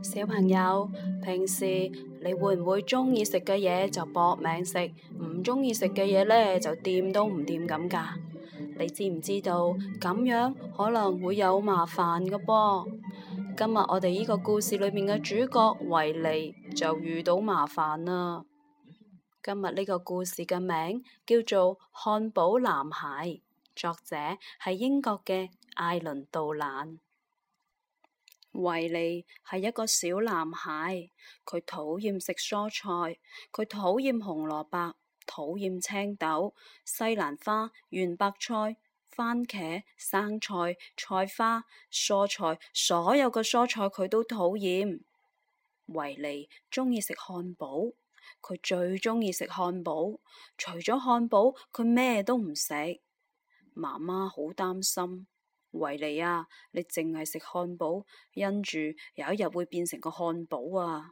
小朋友，平時你會唔會鍾意食嘅嘢就搏命食，唔鍾意食嘅嘢呢就掂都唔掂咁噶？你知唔知道咁樣可能會有麻煩噶噃？今日我哋呢個故事裏面嘅主角維尼就遇到麻煩啦。今日呢個故事嘅名叫做《漢堡男孩》，作者係英國嘅艾倫杜蘭。維尼係一個小男孩，佢討厭食蔬菜，佢討厭紅蘿蔔、討厭青豆、西蘭花、圓白菜、番茄、生菜、菜花、蔬菜，所有嘅蔬菜佢都討厭。維尼鍾意食漢堡，佢最鍾意食漢堡，除咗漢堡，佢咩都唔食。媽媽好擔心。維尼啊，你淨係食漢堡，因住有一日會變成個漢堡啊！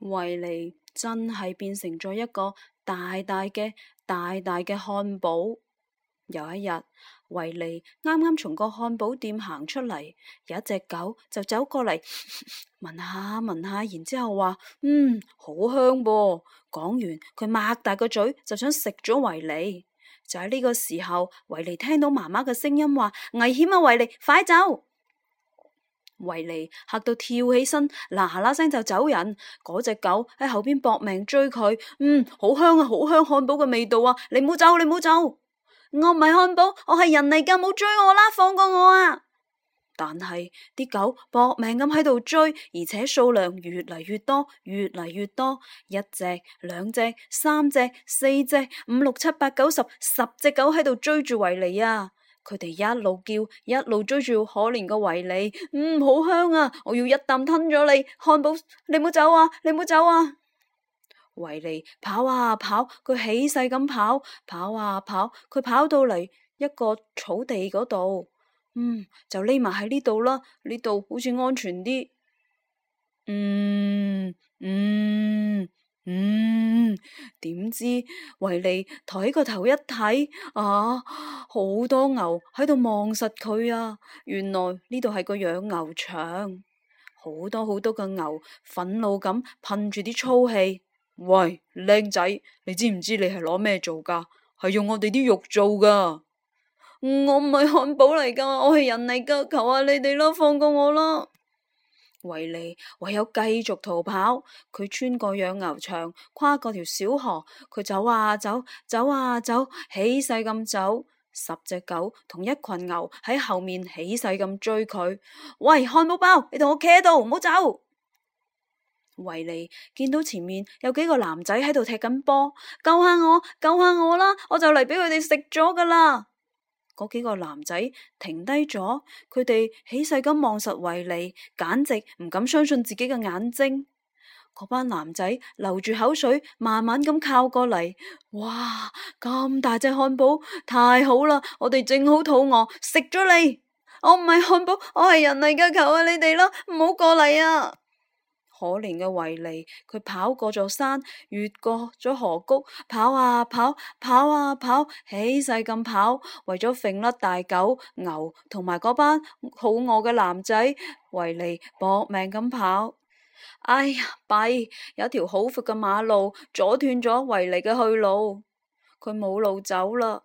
維尼真係變成咗一個大大嘅、大大嘅漢堡。有一日，維尼啱啱從個漢堡店行出嚟，有一隻狗就走過嚟聞下聞下，然之後話：嗯，好香噃、哦！講完，佢擘大個嘴就想食咗維尼。就喺呢個時候，維尼聽到媽媽嘅聲音話：危險啊，維尼，快走！維尼嚇到跳起身，嗱嗱聲就走人。嗰隻狗喺後邊搏命追佢。嗯，好香啊，好香漢堡嘅味道啊！你唔好走，你唔好走。我唔係漢堡，我係人嚟㗎，冇追我啦，放過我啊！但係啲狗搏命咁喺度追，而且數量越嚟越多，越嚟越多，一隻、兩隻、三隻、四隻、五六七八九十十隻狗喺度追住維尼啊！佢哋一路叫，一路追住可憐嘅維尼。嗯，好香啊！我要一啖吞咗你，漢堡，你唔好走啊，你唔好走啊！維尼跑啊跑，佢起勢咁跑，跑啊跑，佢跑到嚟一個草地嗰度。嗯，就匿埋喺呢度啦，呢度好似安全啲。嗯嗯嗯，點知維尼抬起個頭一睇，啊，好多牛喺度望實佢啊！原來呢度係個養牛場，好多好多嘅牛憤怒咁噴住啲粗氣。喂，靚仔，你知唔知你係攞咩做㗎？係用我哋啲肉做㗎。我唔係漢堡嚟噶，我係人嚟噶，求下你哋啦，放過我啦！維尼唯有繼續逃跑，佢穿過養牛場，跨過條小河，佢走啊走，走啊走，起勢咁走。十隻狗同一群牛喺後面起勢咁追佢。喂，漢堡包，你同我企喺度，唔好走！維尼見到前面有幾個男仔喺度踢緊波，救下我，救下我啦！我就嚟俾佢哋食咗噶啦！嗰幾個男仔停低咗，佢哋起勢咁望實維尼，簡直唔敢相信自己嘅眼睛。嗰班男仔流住口水，慢慢咁靠過嚟。哇！咁大隻漢堡，太好啦！我哋正好肚餓，食咗你。我唔係漢堡，我係人嚟嘅，求下你哋啦，唔好過嚟啊！可憐嘅維尼，佢跑過座山，越過咗河谷，跑啊跑，跑啊跑，起勢咁跑，為咗揈甩大狗、牛同埋嗰班好餓嘅男仔，維尼搏命咁跑。哎呀弊，有一條好闊嘅馬路，阻斷咗維尼嘅去路，佢冇路走啦。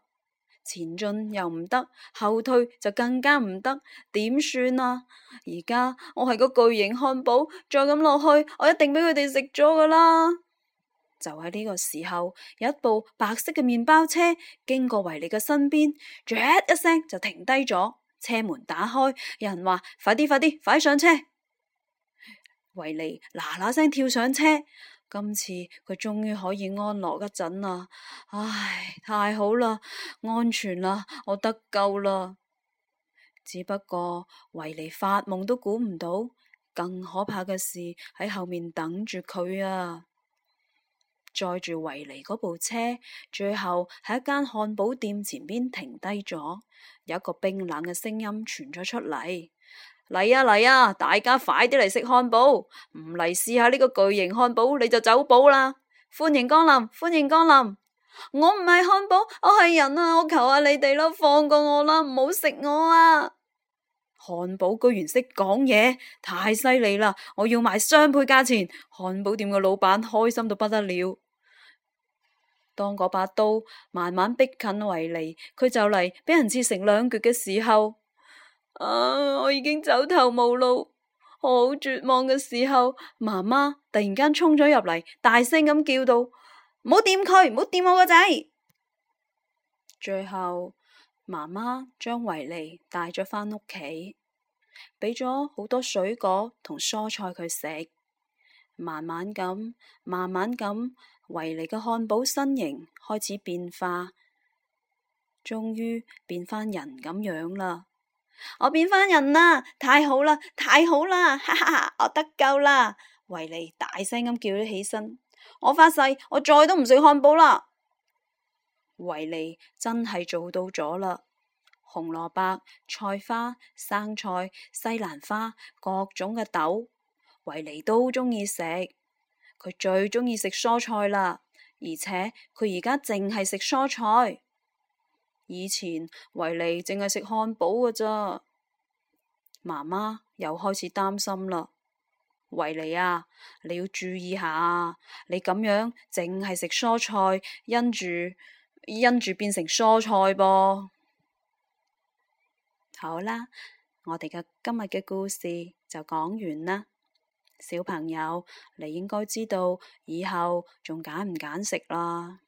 前進又唔得，後退就更加唔得，點算啊？而家我係個巨型漢堡，再咁落去，我一定俾佢哋食咗㗎啦！就喺呢個時候，有一部白色嘅麵包車經過維尼嘅身邊，唰一聲就停低咗，車門打開，有人話：快啲，快啲，快上車！維尼嗱嗱聲跳上車。今次佢終於可以安樂一陣啦，唉，太好啦，安全啦，我得救啦！只不過維尼發夢都估唔到，更可怕嘅事喺後面等住佢啊！載住維尼嗰部車，最後喺一間漢堡店前邊停低咗，有一個冰冷嘅聲音傳咗出嚟。嚟啊嚟啊！大家快啲嚟食漢堡，唔嚟試下呢個巨型漢堡你就走寶啦！歡迎光臨，歡迎光臨！我唔係漢堡，我係人啊！我求下你哋咯，放過我啦，唔好食我啊！漢堡居然識講嘢，太犀利啦！我要賣雙倍價錢！漢堡店嘅老闆開心到不得了。當嗰把刀慢慢逼近維尼，佢就嚟俾人切成兩截嘅時候。啊！我已經走投無路，好絕望嘅時候，媽媽突然間衝咗入嚟，大聲咁叫道：「唔好掂佢，唔好掂我個仔！」最後，媽媽將維尼帶咗返屋企，俾咗好多水果同蔬菜佢食。慢慢咁，慢慢咁，維尼嘅漢堡身形開始變化，終於變返人咁樣啦。我變返人啦！太好啦，太好啦！哈哈哈，我得救啦！維尼大聲咁叫咗起身。我發誓，我再都唔食漢堡啦！維尼真係做到咗啦！紅蘿蔔、菜花、生菜、西蘭花、各種嘅豆，維尼都中意食。佢最中意食蔬菜啦，而且佢而家淨係食蔬菜。以前維尼淨係食漢堡嘅啫，媽媽又開始擔心啦。維尼啊，你要注意下，你咁樣淨係食蔬菜，因住因住變成蔬菜噃。好啦，我哋嘅今日嘅故事就講完啦。小朋友，你應該知道以後仲揀唔揀食啦。